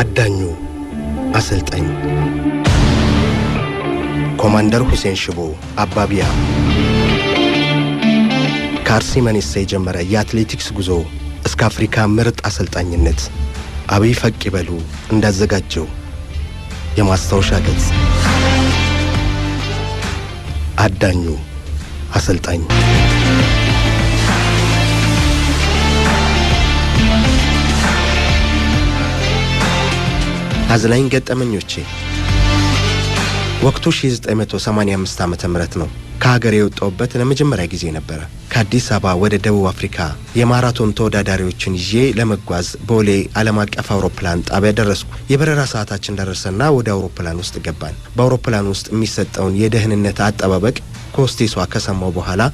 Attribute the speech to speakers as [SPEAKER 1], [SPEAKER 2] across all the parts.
[SPEAKER 1] አዳኙ አሰልጣኝ ኮማንደር ሁሴን ሽቦ አባቢያ ከአርሲ መኔሳ የጀመረ የአትሌቲክስ ጉዞ እስከ አፍሪካ ምርጥ አሰልጣኝነት አብይ ፈቅ ይበሉ እንዳዘጋጀው የማስታወሻ ገጽ አዳኙ አሰልጣኝ አዝናኝ ገጠመኞቼ ወቅቱ 1985 ዓ ም ነው። ከሀገር የወጣውበት ለመጀመሪያ ጊዜ ነበረ። ከአዲስ አበባ ወደ ደቡብ አፍሪካ የማራቶን ተወዳዳሪዎችን ይዤ ለመጓዝ ቦሌ ዓለም አቀፍ አውሮፕላን ጣቢያ ደረስኩ። የበረራ ሰዓታችን ደረሰና ወደ አውሮፕላን ውስጥ ገባን። በአውሮፕላን ውስጥ የሚሰጠውን የደህንነት አጠባበቅ ኮስቴሷ ከሰማው በኋላ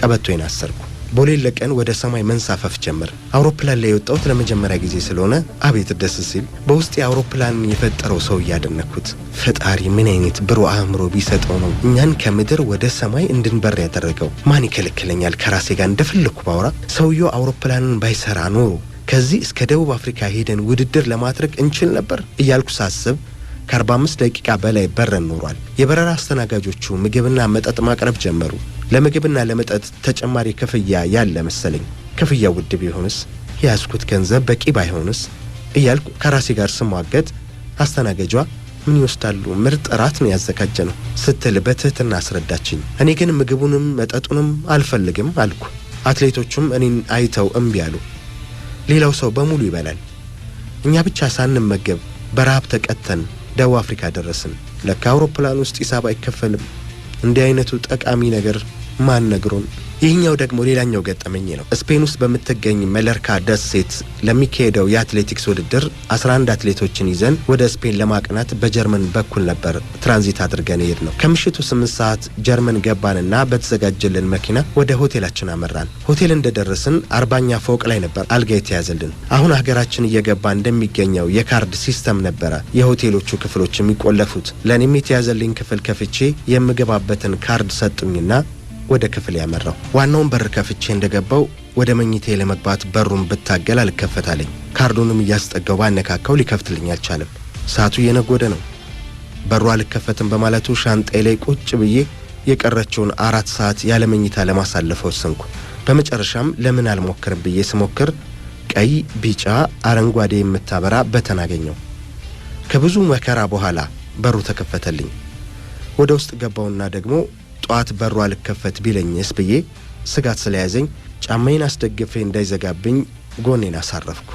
[SPEAKER 1] ቀበቶዬን አሰርኩ። በሌለ ቀን ወደ ሰማይ መንሳፈፍ ጀመር። አውሮፕላን ላይ የወጣሁት ለመጀመሪያ ጊዜ ስለሆነ አቤት ደስ ሲል፣ በውስጥ የአውሮፕላን የፈጠረው ሰው እያደነኩት፣ ፈጣሪ ምን አይነት ብሩህ አእምሮ ቢሰጠው ነው እኛን ከምድር ወደ ሰማይ እንድንበር ያደረገው። ማን ይከለክለኛል? ከራሴ ጋር እንደፈለኩ ባውራ። ሰውየው አውሮፕላንን ባይሰራ ኖሮ ከዚህ እስከ ደቡብ አፍሪካ ሄደን ውድድር ለማድረግ እንችል ነበር እያልኩ ሳስብ ከ45 ደቂቃ በላይ በረን ኖሯል። የበረራ አስተናጋጆቹ ምግብና መጠጥ ማቅረብ ጀመሩ። ለምግብና ለመጠጥ ተጨማሪ ክፍያ ያለ መሰለኝ። ክፍያው ውድ ቢሆንስ? የያዝኩት ገንዘብ በቂ ባይሆንስ? እያልኩ ከራሴ ጋር ስሟገት አስተናጋጇ ምን ይወስዳሉ? ምርጥ እራት ነው ያዘጋጀ ነው ስትል በትህትና አስረዳችኝ። እኔ ግን ምግቡንም መጠጡንም አልፈልግም አልኩ። አትሌቶቹም እኔን አይተው እምቢ አሉ። ሌላው ሰው በሙሉ ይበላል። እኛ ብቻ ሳንመገብ በረሃብ ተቀተን ደቡብ አፍሪካ ደረስን። ለካ አውሮፕላን ውስጥ ሂሳብ አይከፈልም። እንዲህ አይነቱ ጠቃሚ ነገር ማን ነግሮን? ይህኛው ደግሞ ሌላኛው ገጠመኝ ነው። ስፔን ውስጥ በምትገኝ መለርካ ደሴት ለሚካሄደው የአትሌቲክስ ውድድር 11 አትሌቶችን ይዘን ወደ ስፔን ለማቅናት በጀርመን በኩል ነበር ትራንዚት አድርገን ሄድ ነው። ከምሽቱ 8 ሰዓት ጀርመን ገባንና በተዘጋጀልን መኪና ወደ ሆቴላችን አመራን። ሆቴል እንደደረስን አርባኛ ፎቅ ላይ ነበር አልጋ የተያዘልን። አሁን ሀገራችን እየገባ እንደሚገኘው የካርድ ሲስተም ነበረ የሆቴሎቹ ክፍሎች የሚቆለፉት። ለእኔም የተያዘልኝ ክፍል ከፍቼ የምገባበትን ካርድ ሰጡኝና ወደ ክፍል ያመራው። ዋናውን በር ከፍቼ እንደገባው ወደ መኝቴ ለመግባት በሩን ብታገል አልከፈታለኝ። ካርዱንም እያስጠገው ባነካካው ሊከፍትልኝ አልቻለም። ሰዓቱ እየነጎደ ነው። በሩ አልከፈትም በማለቱ ሻንጣዬ ላይ ቁጭ ብዬ የቀረችውን አራት ሰዓት ያለ መኝታ ለማሳለፍ ወሰንኩ። በመጨረሻም ለምን አልሞክርም ብዬ ስሞክር ቀይ፣ ቢጫ፣ አረንጓዴ የምታበራ በተን አገኘው። ከብዙ መከራ በኋላ በሩ ተከፈተልኝ። ወደ ውስጥ ገባውና ደግሞ ጠዋት በሩ አልከፈት ቢለኝስ ብዬ ስጋት ስለያዘኝ ጫማዬን አስደግፌ እንዳይዘጋብኝ ጎኔን አሳረፍኩ።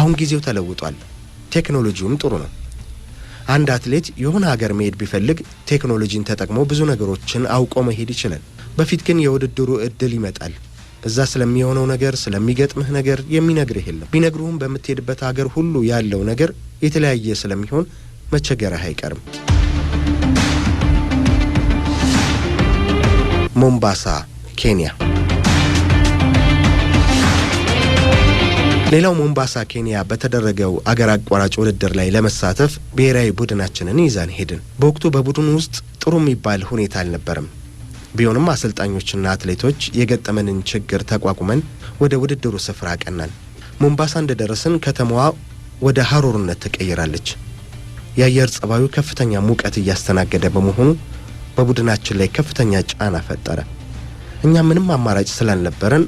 [SPEAKER 1] አሁን ጊዜው ተለውጧል፣ ቴክኖሎጂውም ጥሩ ነው። አንድ አትሌት የሆነ ሀገር መሄድ ቢፈልግ ቴክኖሎጂን ተጠቅሞ ብዙ ነገሮችን አውቆ መሄድ ይችላል። በፊት ግን የውድድሩ እድል ይመጣል። እዛ ስለሚሆነው ነገር፣ ስለሚገጥምህ ነገር የሚነግርህ የለም። ቢነግሩህም በምትሄድበት ሀገር ሁሉ ያለው ነገር የተለያየ ስለሚሆን መቸገርህ አይቀርም። ሞምባሳ ኬንያ። ሌላው ሞምባሳ ኬንያ በተደረገው አገር አቋራጭ ውድድር ላይ ለመሳተፍ ብሔራዊ ቡድናችንን ይዛን ሄድን። በወቅቱ በቡድኑ ውስጥ ጥሩ የሚባል ሁኔታ አልነበርም። ቢሆንም አሰልጣኞችና አትሌቶች የገጠመንን ችግር ተቋቁመን ወደ ውድድሩ ስፍራ አቀናን። ሞምባሳ እንደደረስን ከተማዋ ወደ ሀሮርነት ትቀይራለች። የአየር ጸባዩ ከፍተኛ ሙቀት እያስተናገደ በመሆኑ በቡድናችን ላይ ከፍተኛ ጫና ፈጠረ። እኛ ምንም አማራጭ ስላልነበረን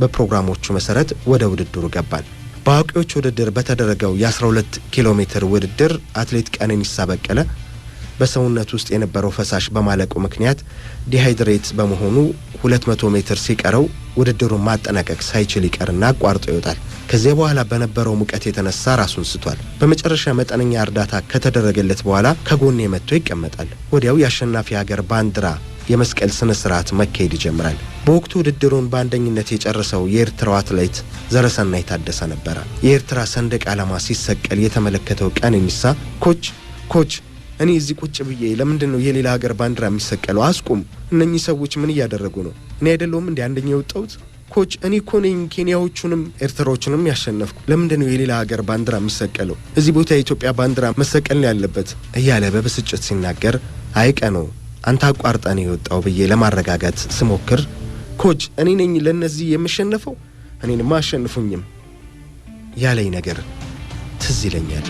[SPEAKER 1] በፕሮግራሞቹ መሰረት ወደ ውድድሩ ገባን። በአዋቂዎች ውድድር በተደረገው የ12 ኪሎ ሜትር ውድድር አትሌት ቀነኒሳ በቀለ በሰውነት ውስጥ የነበረው ፈሳሽ በማለቁ ምክንያት ዲሃይድሬት በመሆኑ 200 ሜትር ሲቀረው ውድድሩን ማጠናቀቅ ሳይችል ይቀርና አቋርጦ ይወጣል። ከዚያ በኋላ በነበረው ሙቀት የተነሳ ራሱን ስቷል። በመጨረሻ መጠነኛ እርዳታ ከተደረገለት በኋላ ከጎኔ መጥቶ ይቀመጣል። ወዲያው የአሸናፊ ሀገር ባንዲራ የመስቀል ስነ ስርዓት መካሄድ ይጀምራል። በወቅቱ ውድድሩን በአንደኝነት የጨረሰው የኤርትራው አትሌት ዘረሰናይ ታደሰ ነበረ። የኤርትራ ሰንደቅ ዓላማ ሲሰቀል የተመለከተው ቀነኒሳ ኮች ኮች እኔ እዚህ ቁጭ ብዬ ለምንድን ነው የሌላ ሀገር ባንዲራ የሚሰቀለው? አስቁም። እነኚህ ሰዎች ምን እያደረጉ ነው? እኔ አይደለውም እንዲ አንደኛ የወጣሁት ኮች እኔ እኮ ነኝ ኬንያዎቹንም ኤርትራዎቹንም ያሸነፍኩ። ለምንድን ነው የሌላ ሀገር ባንዲራ የሚሰቀለው? እዚህ ቦታ የኢትዮጵያ ባንዲራ መሰቀል ያለበት እያለ በብስጭት ሲናገር አይቀ ነው አንተ አቋርጠን የወጣው ብዬ ለማረጋጋት ስሞክር ኮች እኔ ነኝ ለእነዚህ የምሸነፈው እኔንማ አሸንፉኝም ያለኝ ነገር ትዝ ይለኛል።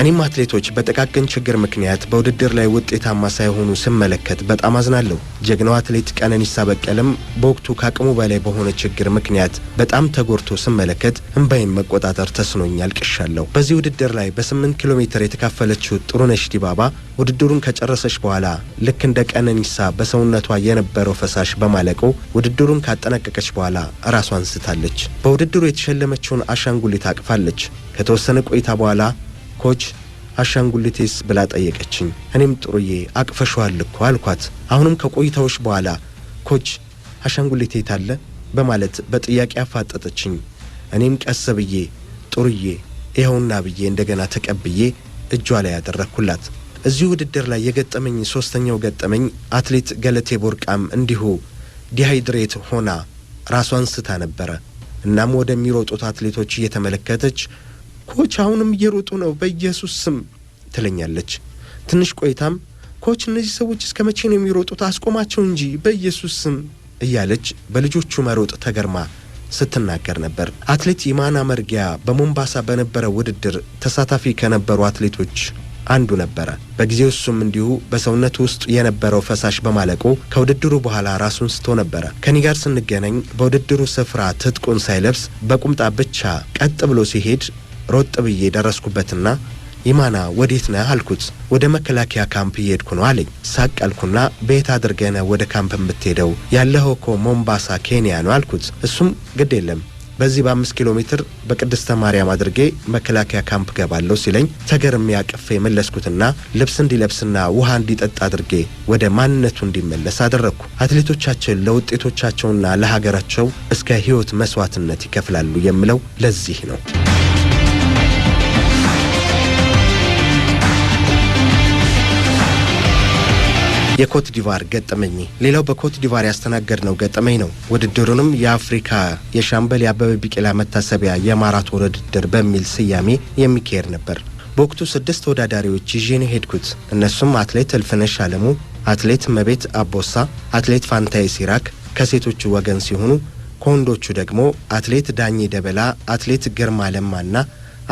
[SPEAKER 1] እኔም አትሌቶች በጥቃቅን ችግር ምክንያት በውድድር ላይ ውጤታማ ሳይሆኑ ስመለከት በጣም አዝናለሁ። ጀግናው አትሌት ቀነኒሳ በቀለም በወቅቱ ከአቅሙ በላይ በሆነ ችግር ምክንያት በጣም ተጎድቶ ስመለከት እምባይን መቆጣጠር ተስኖኝ አልቅሻለሁ። በዚህ ውድድር ላይ በ8 ኪሎ ሜትር የተካፈለችው ጥሩነሽ ዲባባ ውድድሩን ከጨረሰች በኋላ ልክ እንደ ቀነኒሳ በሰውነቷ የነበረው ፈሳሽ በማለቁ ውድድሩን ካጠናቀቀች በኋላ ራሷን ስታለች። በውድድሩ የተሸለመችውን አሻንጉሊት አቅፋለች። ከተወሰነ ቆይታ በኋላ ኮች አሻንጉሊቴስ ብላ ጠየቀችኝ። እኔም ጥሩዬ አቅፈሸዋል እኮ አልኳት። አሁንም ከቆይታዎች በኋላ ኮች አሻንጉሊቴ ታለ በማለት በጥያቄ አፋጠጠችኝ። እኔም ቀስ ብዬ ጥሩዬ ይኸውና ብዬ እንደገና ተቀብዬ እጇ ላይ ያደረግኩላት። እዚሁ ውድድር ላይ የገጠመኝ ሦስተኛው ገጠመኝ አትሌት ገለቴ ቦርቃም እንዲሁ ዲሃይድሬት ሆና ራሷን ስታ ነበረ። እናም ወደሚሮጡት አትሌቶች እየተመለከተች ኮች አሁንም እየሮጡ ነው በኢየሱስ ስም ትለኛለች። ትንሽ ቆይታም ኮች እነዚህ ሰዎች እስከ መቼ ነው የሚሮጡት? አስቆማቸው እንጂ በኢየሱስ ስም እያለች በልጆቹ መሮጥ ተገርማ ስትናገር ነበር። አትሌት የማና መርጊያ በሞምባሳ በነበረ ውድድር ተሳታፊ ከነበሩ አትሌቶች አንዱ ነበረ። በጊዜው እሱም እንዲሁ በሰውነቱ ውስጥ የነበረው ፈሳሽ በማለቁ ከውድድሩ በኋላ ራሱን ስቶ ነበረ። ከኒ ጋር ስንገናኝ በውድድሩ ስፍራ ትጥቁን ሳይለብስ በቁምጣ ብቻ ቀጥ ብሎ ሲሄድ ሮጥ ብዬ ደረስኩበትና ይማና ወዴት ነህ አልኩት። ወደ መከላከያ ካምፕ እየሄድኩ ነው አለኝ። ሳቅ አልኩና ቤት አድርገህ ነህ ወደ ካምፕ የምትሄደው? ያለኸው እኮ ሞምባሳ ኬንያ ነው አልኩት። እሱም ግድ የለም በዚህ በአምስት ኪሎ ሜትር በቅድስተ ማርያም አድርጌ መከላከያ ካምፕ ገባለሁ ሲለኝ ተገርሜ አቅፌ መለስኩትና ልብስ እንዲለብስና ውሃ እንዲጠጣ አድርጌ ወደ ማንነቱ እንዲመለስ አደረግኩ። አትሌቶቻችን ለውጤቶቻቸውና ለሀገራቸው እስከ ሕይወት መስዋዕትነት ይከፍላሉ የምለው ለዚህ ነው። የኮት ዲቫር ገጠመኝ ሌላው በኮት ዲቫር ያስተናገድ ነው ገጠመኝ ነው። ውድድሩንም የአፍሪካ የሻምበል የአበበ ቢቂላ መታሰቢያ የማራቶን ውድድር በሚል ስያሜ የሚካሄድ ነበር። በወቅቱ ስድስት ተወዳዳሪዎች ይዤን ሄድኩት። እነሱም አትሌት እልፍነሽ አለሙ፣ አትሌት መቤት አቦሳ፣ አትሌት ፋንታይ ሲራክ ከሴቶቹ ወገን ሲሆኑ ከወንዶቹ ደግሞ አትሌት ዳኜ ደበላ፣ አትሌት ግርማ ለማና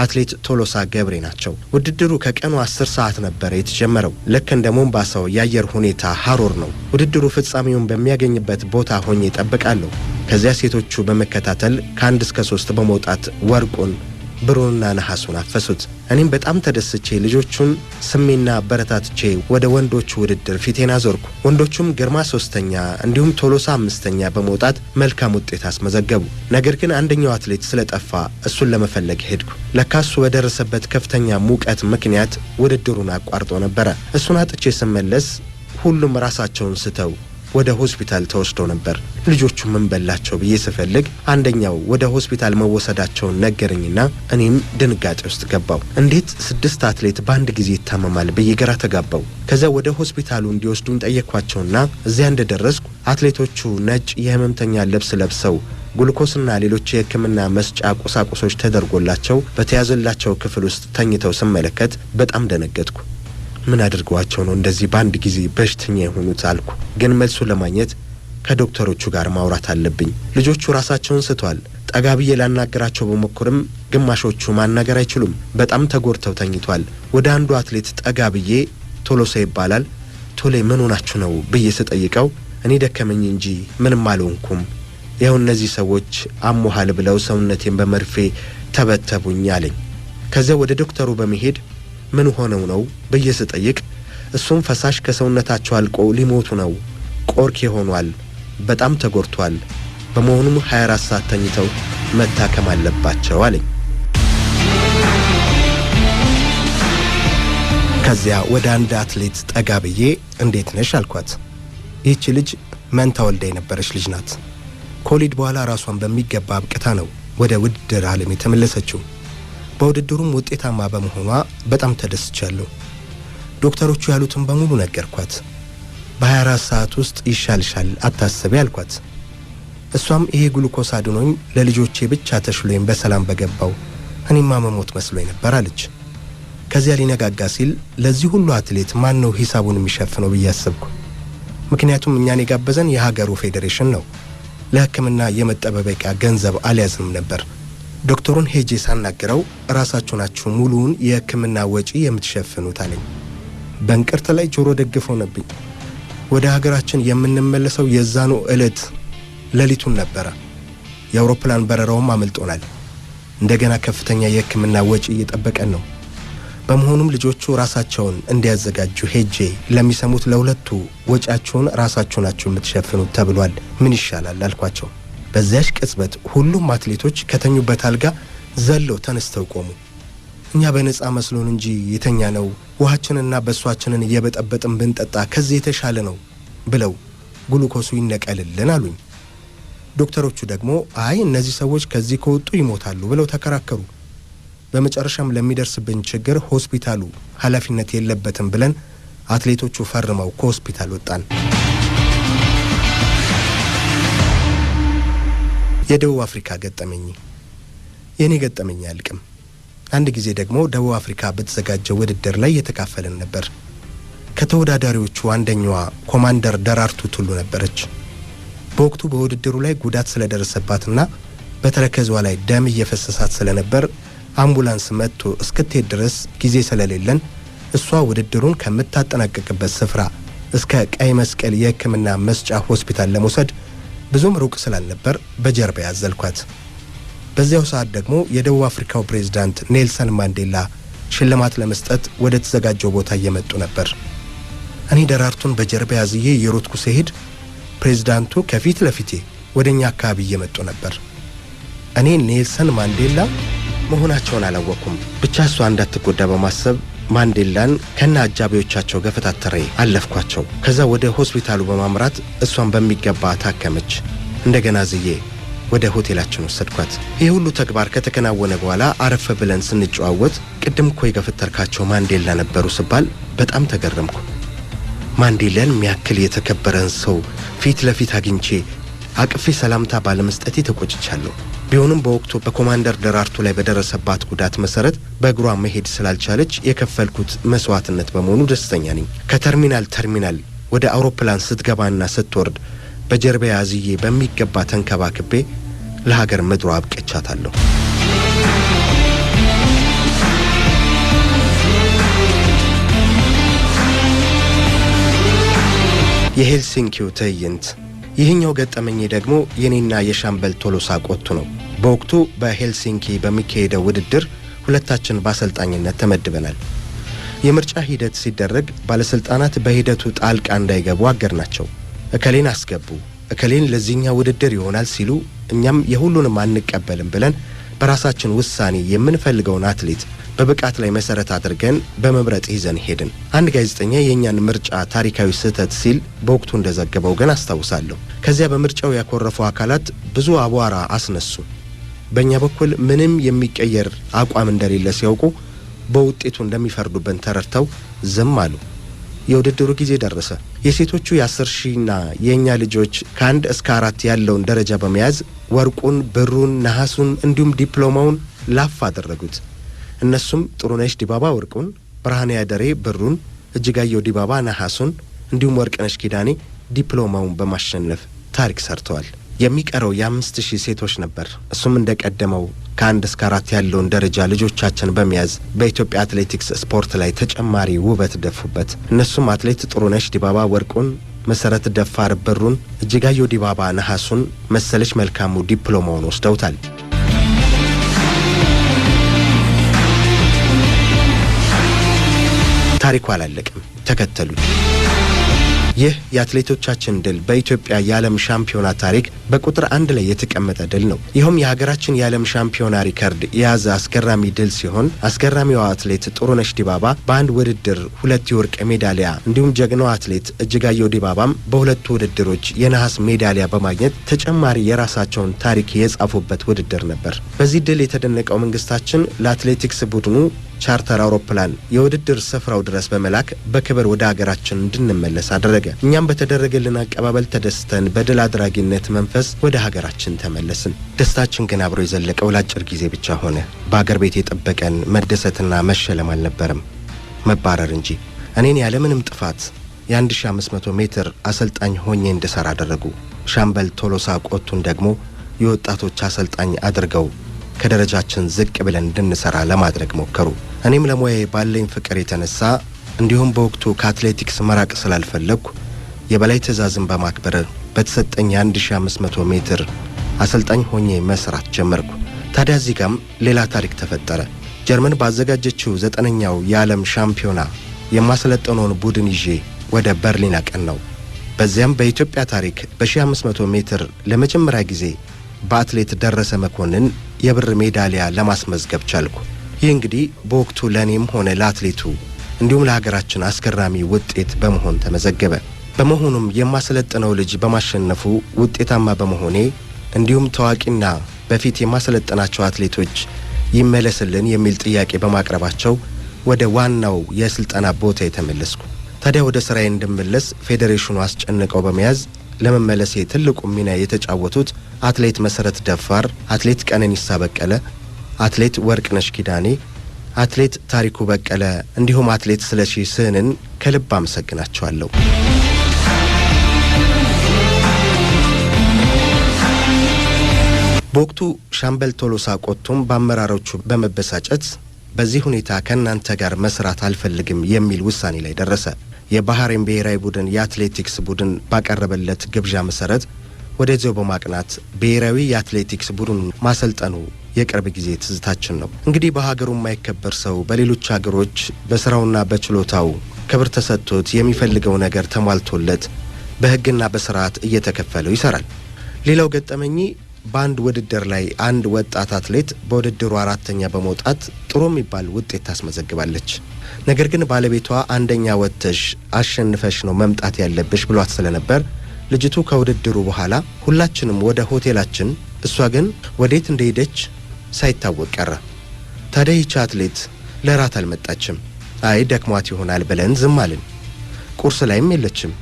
[SPEAKER 1] አትሌት ቶሎሳ ገብሬ ናቸው። ውድድሩ ከቀኑ አስር ሰዓት ነበረ የተጀመረው። ልክ እንደ ሞምባሳው የአየር ሁኔታ ሀሮር ነው። ውድድሩ ፍጻሜውን በሚያገኝበት ቦታ ሆኜ ይጠብቃለሁ ከዚያ ሴቶቹ በመከታተል ከአንድ እስከ ሶስት በመውጣት ወርቁን ብሩንና ነሐሱን አፈሱት። እኔም በጣም ተደስቼ ልጆቹን ስሜና አበረታትቼ ወደ ወንዶቹ ውድድር ፊቴን አዞርኩ። ወንዶቹም ግርማ ሶስተኛ እንዲሁም ቶሎሳ አምስተኛ በመውጣት መልካም ውጤት አስመዘገቡ። ነገር ግን አንደኛው አትሌት ስለጠፋ እሱን ለመፈለግ ሄድኩ። ለካሱ በደረሰበት ከፍተኛ ሙቀት ምክንያት ውድድሩን አቋርጦ ነበረ። እሱን አጥቼ ስመለስ ሁሉም ራሳቸውን ስተው ወደ ሆስፒታል ተወስዶ ነበር። ልጆቹ ምን በላቸው ብዬ ስፈልግ አንደኛው ወደ ሆስፒታል መወሰዳቸውን ነገረኝና እኔም ድንጋጤ ውስጥ ገባው። እንዴት ስድስት አትሌት በአንድ ጊዜ ይታመማል ብዬ ግራ ተጋባው። ከዛ ወደ ሆስፒታሉ እንዲወስዱን ጠየኳቸውና እዚያ እንደደረስኩ አትሌቶቹ ነጭ የህመምተኛ ልብስ ለብሰው ጉልኮስና ሌሎች የህክምና መስጫ ቁሳቁሶች ተደርጎላቸው በተያዘላቸው ክፍል ውስጥ ተኝተው ስመለከት በጣም ደነገጥኩ። ምን አድርገዋቸው ነው እንደዚህ በአንድ ጊዜ በሽተኛ የሆኑት አልኩ። ግን መልሱ ለማግኘት ከዶክተሮቹ ጋር ማውራት አለብኝ። ልጆቹ ራሳቸውን ስተዋል። ጠጋ ብዬ ላናገራቸው በሞክርም ግማሾቹ ማናገር አይችሉም። በጣም ተጎድተው ተኝቷል። ወደ አንዱ አትሌት ጠጋ ብዬ ቶሎሳ ይባላል ቶሌ ምን ሆናችሁ ነው ብዬ ስጠይቀው እኔ ደከመኝ እንጂ ምንም አልሆንኩም፣ ይኸው እነዚህ ሰዎች አሞሃል ብለው ሰውነቴን በመርፌ ተበተቡኝ አለኝ። ከዚያ ወደ ዶክተሩ በመሄድ ምን ሆነው ነው ብዬ ስጠይቅ እሱም ፈሳሽ ከሰውነታቸው አልቆ ሊሞቱ ነው፣ ቆርኬ ሆኗል፣ በጣም ተጎድቷል። በመሆኑም 24 ሰዓት ተኝተው መታከም አለባቸው አለኝ። ከዚያ ወደ አንድ አትሌት ጠጋ ብዬ እንዴት ነሽ አልኳት። ይህች ልጅ መንታ ወልዳ የነበረች ልጅ ናት። ከወሊድ በኋላ ራሷን በሚገባ አብቅታ ነው ወደ ውድድር ዓለም የተመለሰችው። በውድድሩም ውጤታማ በመሆኗ በጣም ተደስቻለሁ። ዶክተሮቹ ያሉትን በሙሉ ነገርኳት። በ24 ሰዓት ውስጥ ይሻልሻል አታስቢ አልኳት። እሷም ይሄ ግሉኮስ አድኖኝ ለልጆቼ ብቻ ተሽሎኝ በሰላም በገባው እኔማ መሞት መስሎኝ ነበር አለች። ከዚያ ሊነጋጋ ሲል ለዚህ ሁሉ አትሌት ማን ነው ሂሳቡን የሚሸፍነው ብዬ አሰብኩ። ምክንያቱም እኛን የጋበዘን የሀገሩ ፌዴሬሽን ነው። ለሕክምና የመጠባበቂያ ገንዘብ አልያዝንም ነበር። ዶክተሩን ሄጄ ሳናግረው ራሳችሁ ናችሁ ሙሉውን የህክምና ወጪ የምትሸፍኑት አለኝ። በእንቅርት ላይ ጆሮ ደግፍ ነብኝ። ወደ ሀገራችን የምንመለሰው የዛኑ ዕለት ሌሊቱን ነበረ። የአውሮፕላን በረራውም አመልጦናል። እንደገና ከፍተኛ የህክምና ወጪ እየጠበቀን ነው። በመሆኑም ልጆቹ ራሳቸውን እንዲያዘጋጁ ሄጄ ለሚሰሙት ለሁለቱ ወጪያችሁን ራሳችሁ ናችሁ የምትሸፍኑት ተብሏል፣ ምን ይሻላል አልኳቸው። በዚያች ቅጽበት ሁሉም አትሌቶች ከተኙበት አልጋ ዘለው ተነስተው ቆሙ። እኛ በነፃ መስሎን እንጂ የተኛ ነው ውሃችንና በሷችንን እየበጠበጥን ብንጠጣ ከዚህ የተሻለ ነው ብለው ግሉኮሱ ይነቀልልን አሉኝ። ዶክተሮቹ ደግሞ አይ እነዚህ ሰዎች ከዚህ ከወጡ ይሞታሉ ብለው ተከራከሩ። በመጨረሻም ለሚደርስብን ችግር ሆስፒታሉ ኃላፊነት የለበትም ብለን አትሌቶቹ ፈርመው ከሆስፒታል ወጣን። የደቡብ አፍሪካ ገጠመኝ የእኔ ገጠመኝ አያልቅም። አንድ ጊዜ ደግሞ ደቡብ አፍሪካ በተዘጋጀው ውድድር ላይ የተካፈልን ነበር። ከተወዳዳሪዎቹ አንደኛዋ ኮማንደር ደራርቱ ቱሉ ነበረች። በወቅቱ በውድድሩ ላይ ጉዳት ስለደረሰባትና በተረከዟ ላይ ደም እየፈሰሳት ስለነበር አምቡላንስ መጥቶ እስክትሄድ ድረስ ጊዜ ስለሌለን እሷ ውድድሩን ከምታጠናቀቅበት ስፍራ እስከ ቀይ መስቀል የሕክምና መስጫ ሆስፒታል ለመውሰድ ብዙም ሩቅ ስላልነበር በጀርባ ያዘልኳት። በዚያው ሰዓት ደግሞ የደቡብ አፍሪካው ፕሬዝዳንት ኔልሰን ማንዴላ ሽልማት ለመስጠት ወደ ተዘጋጀው ቦታ እየመጡ ነበር። እኔ ደራርቱን በጀርባ ያዝዬ የሮትኩ ስሄድ ፕሬዝዳንቱ ከፊት ለፊቴ ወደ እኛ አካባቢ እየመጡ ነበር። እኔ ኔልሰን ማንዴላ መሆናቸውን አላወቅኩም። ብቻ እሷ እንዳትጎዳ በማሰብ ማንዴላን ከነ አጃቢዎቻቸው ገፈታተሬ አለፍኳቸው። ከዛ ወደ ሆስፒታሉ በማምራት እሷን በሚገባ ታከመች። እንደገና ዝዬ ወደ ሆቴላችን ወሰድኳት። ይህ ሁሉ ተግባር ከተከናወነ በኋላ አረፈ ብለን ስንጨዋወት ቅድም እኮ የገፈተርካቸው ማንዴላ ነበሩ ስባል በጣም ተገረምኩ። ማንዴላን የሚያክል የተከበረን ሰው ፊት ለፊት አግኝቼ አቅፌ ሰላምታ ባለመስጠቴ ተቆጭቻለሁ። ቢሆንም በወቅቱ በኮማንደር ደራርቱ ላይ በደረሰባት ጉዳት መሰረት በእግሯ መሄድ ስላልቻለች የከፈልኩት መስዋዕትነት በመሆኑ ደስተኛ ነኝ። ከተርሚናል ተርሚናል ወደ አውሮፕላን ስትገባና ስትወርድ በጀርባ አዝዬ በሚገባ ተንከባክቤ ለሀገር ምድሯ አብቀቻታለሁ። የሄልሲንኪው ትዕይንት ይህኛው ገጠመኝ ደግሞ የኔና የሻምበል ቶሎሳ ቆቱ ነው። በወቅቱ በሄልሲንኪ በሚካሄደው ውድድር ሁለታችን በአሰልጣኝነት ተመድበናል። የምርጫ ሂደት ሲደረግ ባለሥልጣናት በሂደቱ ጣልቃ እንዳይገቡ አገር ናቸው። እከሌን አስገቡ፣ እከሌን ለዚህኛ ውድድር ይሆናል ሲሉ እኛም የሁሉንም አንቀበልም ብለን በራሳችን ውሳኔ የምንፈልገውን አትሌት በብቃት ላይ መሰረት አድርገን በመምረጥ ይዘን ሄድን። አንድ ጋዜጠኛ የእኛን ምርጫ ታሪካዊ ስህተት ሲል በወቅቱ እንደዘገበው ግን አስታውሳለሁ። ከዚያ በምርጫው ያኮረፉ አካላት ብዙ አቧራ አስነሱ። በእኛ በኩል ምንም የሚቀየር አቋም እንደሌለ ሲያውቁ በውጤቱ እንደሚፈርዱብን ተረድተው ዝም አሉ። የውድድሩ ጊዜ ደረሰ። የሴቶቹ የአስር ሺና የእኛ ልጆች ከአንድ እስከ አራት ያለውን ደረጃ በመያዝ ወርቁን፣ ብሩን፣ ነሐሱን እንዲሁም ዲፕሎማውን ላፍ አደረጉት። እነሱም ጥሩነሽ ዲባባ ወርቁን፣ ብርሃኔ ያደሬ ብሩን፣ እጅጋየሁ ዲባባ ነሐሱን እንዲሁም ወርቅነሽ ኪዳኔ ዲፕሎማውን በማሸነፍ ታሪክ ሰርተዋል። የሚቀረው የአምስት ሺህ ሴቶች ነበር። እሱም እንደ ቀደመው ከአንድ እስከ አራት ያለውን ደረጃ ልጆቻችን በመያዝ በኢትዮጵያ አትሌቲክስ ስፖርት ላይ ተጨማሪ ውበት ደፉበት። እነሱም አትሌት ጥሩነሽ ዲባባ ወርቁን፣ መሰረት ደፋር ብሩን፣ እጅጋየሁ ዲባባ ነሐሱን፣ መሰለች መልካሙ ዲፕሎማውን ወስደውታል። ታሪኩ አላለቅም። ተከተሉኝ። ይህ የአትሌቶቻችን ድል በኢትዮጵያ የዓለም ሻምፒዮና ታሪክ በቁጥር አንድ ላይ የተቀመጠ ድል ነው። ይኸውም የሀገራችን የዓለም ሻምፒዮና ሪከርድ የያዘ አስገራሚ ድል ሲሆን አስገራሚዋ አትሌት ጥሩነሽ ዲባባ በአንድ ውድድር ሁለት የወርቅ ሜዳሊያ እንዲሁም ጀግናዋ አትሌት እጅጋየሁ ዲባባም በሁለቱ ውድድሮች የነሐስ ሜዳሊያ በማግኘት ተጨማሪ የራሳቸውን ታሪክ የጻፉበት ውድድር ነበር። በዚህ ድል የተደነቀው መንግስታችን ለአትሌቲክስ ቡድኑ ቻርተር አውሮፕላን የውድድር ስፍራው ድረስ በመላክ በክብር ወደ ሀገራችን እንድንመለስ አደረገ። እኛም በተደረገልን አቀባበል ተደስተን በድል አድራጊነት መንፈስ ወደ ሀገራችን ተመለስን። ደስታችን ግን አብሮ የዘለቀው ለአጭር ጊዜ ብቻ ሆነ። በአገር ቤት የጠበቀን መደሰትና መሸለም አልነበረም፣ መባረር እንጂ። እኔን ያለምንም ጥፋት የ1500 ሜትር አሰልጣኝ ሆኜ እንድሠራ አደረጉ። ሻምበል ቶሎሳ ቆቱን ደግሞ የወጣቶች አሰልጣኝ አድርገው ከደረጃችን ዝቅ ብለን እንድንሰራ ለማድረግ ሞከሩ። እኔም ለሙያዬ ባለኝ ፍቅር የተነሳ እንዲሁም በወቅቱ ከአትሌቲክስ መራቅ ስላልፈለግኩ የበላይ ትዕዛዝን በማክበር በተሰጠኝ የ1500 ሜትር አሰልጣኝ ሆኜ መስራት ጀመርኩ። ታዲያ እዚህ ጋም ሌላ ታሪክ ተፈጠረ። ጀርመን ባዘጋጀችው ዘጠነኛው የዓለም ሻምፒዮና የማሰለጠነውን ቡድን ይዤ ወደ በርሊን አቀን ነው። በዚያም በኢትዮጵያ ታሪክ በ1500 ሜትር ለመጀመሪያ ጊዜ በአትሌት ደረሰ መኮንን የብር ሜዳሊያ ለማስመዝገብ ቻልኩ። ይህ እንግዲህ በወቅቱ ለእኔም ሆነ ለአትሌቱ እንዲሁም ለሀገራችን አስገራሚ ውጤት በመሆን ተመዘገበ። በመሆኑም የማሰለጥነው ልጅ በማሸነፉ ውጤታማ በመሆኔ እንዲሁም ታዋቂና በፊት የማሰለጠናቸው አትሌቶች ይመለስልን የሚል ጥያቄ በማቅረባቸው ወደ ዋናው የስልጠና ቦታ የተመለስኩ። ታዲያ ወደ ስራዬ እንድመለስ ፌዴሬሽኑ አስጨንቀው በመያዝ ለመመለሴ ትልቁ ሚና የተጫወቱት አትሌት መሰረት ደፋር፣ አትሌት ቀነኒሳ በቀለ፣ አትሌት ወርቅነሽ ኪዳኔ፣ አትሌት ታሪኩ በቀለ እንዲሁም አትሌት ስለሺ ስህንን ከልብ አመሰግናቸዋለሁ። በወቅቱ ሻምበል ቶሎሳ ቆቶም በአመራሮቹ በመበሳጨት በዚህ ሁኔታ ከእናንተ ጋር መስራት አልፈልግም የሚል ውሳኔ ላይ ደረሰ። የባህሬን ብሔራዊ ቡድን የአትሌቲክስ ቡድን ባቀረበለት ግብዣ መሰረት ወደዚያው በማቅናት ብሔራዊ የአትሌቲክስ ቡድን ማሰልጠኑ የቅርብ ጊዜ ትዝታችን ነው። እንግዲህ በሀገሩ የማይከበር ሰው በሌሎች ሀገሮች በስራውና በችሎታው ክብር ተሰጥቶት የሚፈልገው ነገር ተሟልቶለት በሕግና በስርዓት እየተከፈለው ይሰራል። ሌላው ገጠመኝ በአንድ ውድድር ላይ አንድ ወጣት አትሌት በውድድሩ አራተኛ በመውጣት ጥሩ የሚባል ውጤት ታስመዘግባለች። ነገር ግን ባለቤቷ አንደኛ ወጥተሽ አሸንፈሽ ነው መምጣት ያለብሽ ብሏት ስለነበር ልጅቱ ከውድድሩ በኋላ ሁላችንም ወደ ሆቴላችን፣ እሷ ግን ወዴት እንደሄደች ሳይታወቅ ቀረ። ታዲያ ይቺ አትሌት ለራት አልመጣችም። አይ ደክሟት ይሆናል ብለን ዝም አልን። ቁርስ ላይም የለችም።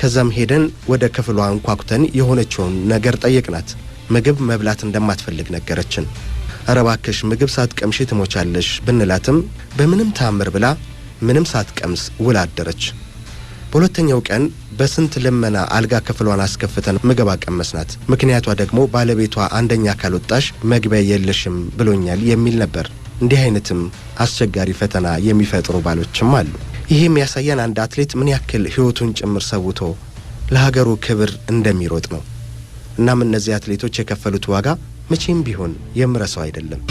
[SPEAKER 1] ከዛም ሄደን ወደ ክፍሏ እንኳኩተን የሆነችውን ነገር ጠየቅናት። ምግብ መብላት እንደማትፈልግ ነገረችን። ረባከሽ ምግብ ሳትቀምሺ ትሞቻለሽ ብንላትም በምንም ታምር ብላ ምንም ሳትቀምስ ውላ አደረች። በሁለተኛው ቀን በስንት ልመና አልጋ ክፍሏን አስከፍተን ምግብ አቀመስናት። ምክንያቷ ደግሞ ባለቤቷ አንደኛ ካልወጣሽ መግቢያ የለሽም ብሎኛል የሚል ነበር። እንዲህ አይነትም አስቸጋሪ ፈተና የሚፈጥሩ ባሎችም አሉ። ይህ የሚያሳየን አንድ አትሌት ምን ያክል ሕይወቱን ጭምር ሰውቶ ለሀገሩ ክብር እንደሚሮጥ ነው። እናም እነዚህ አትሌቶች የከፈሉት ዋጋ መቼም ቢሆን የምረሰው አይደለም።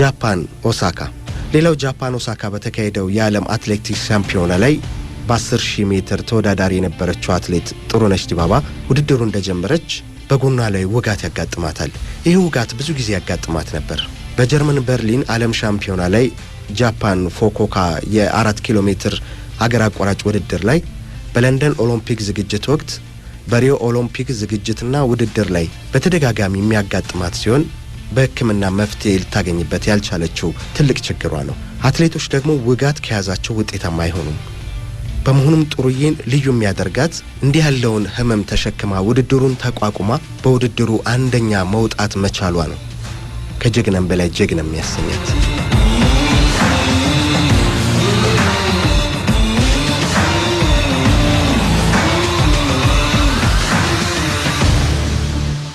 [SPEAKER 1] ጃፓን ኦሳካ። ሌላው ጃፓን ኦሳካ በተካሄደው የዓለም አትሌቲክስ ሻምፒዮና ላይ በ10 ሺህ ሜትር ተወዳዳሪ የነበረችው አትሌት ጥሩነሽ ዲባባ ውድድሩ እንደጀመረች በጎኗ ላይ ውጋት ያጋጥማታል። ይህ ውጋት ብዙ ጊዜ ያጋጥማት ነበር። በጀርመን በርሊን ዓለም ሻምፒዮና ላይ ጃፓን ፎኮካ የአራት ኪሎ ሜትር አገር አቋራጭ ውድድር ላይ በለንደን ኦሎምፒክ ዝግጅት ወቅት በሪዮ ኦሎምፒክ ዝግጅትና ውድድር ላይ በተደጋጋሚ የሚያጋጥማት ሲሆን በሕክምና መፍትሄ ልታገኝበት ያልቻለችው ትልቅ ችግሯ ነው። አትሌቶች ደግሞ ውጋት ከያዛቸው ውጤታማ አይሆኑም። በመሆኑም ጥሩዬን ልዩ የሚያደርጋት እንዲህ ያለውን ህመም ተሸክማ ውድድሩን ተቋቁማ በውድድሩ አንደኛ መውጣት መቻሏ ነው። ከጀግናም በላይ ጀግና የሚያሰኛት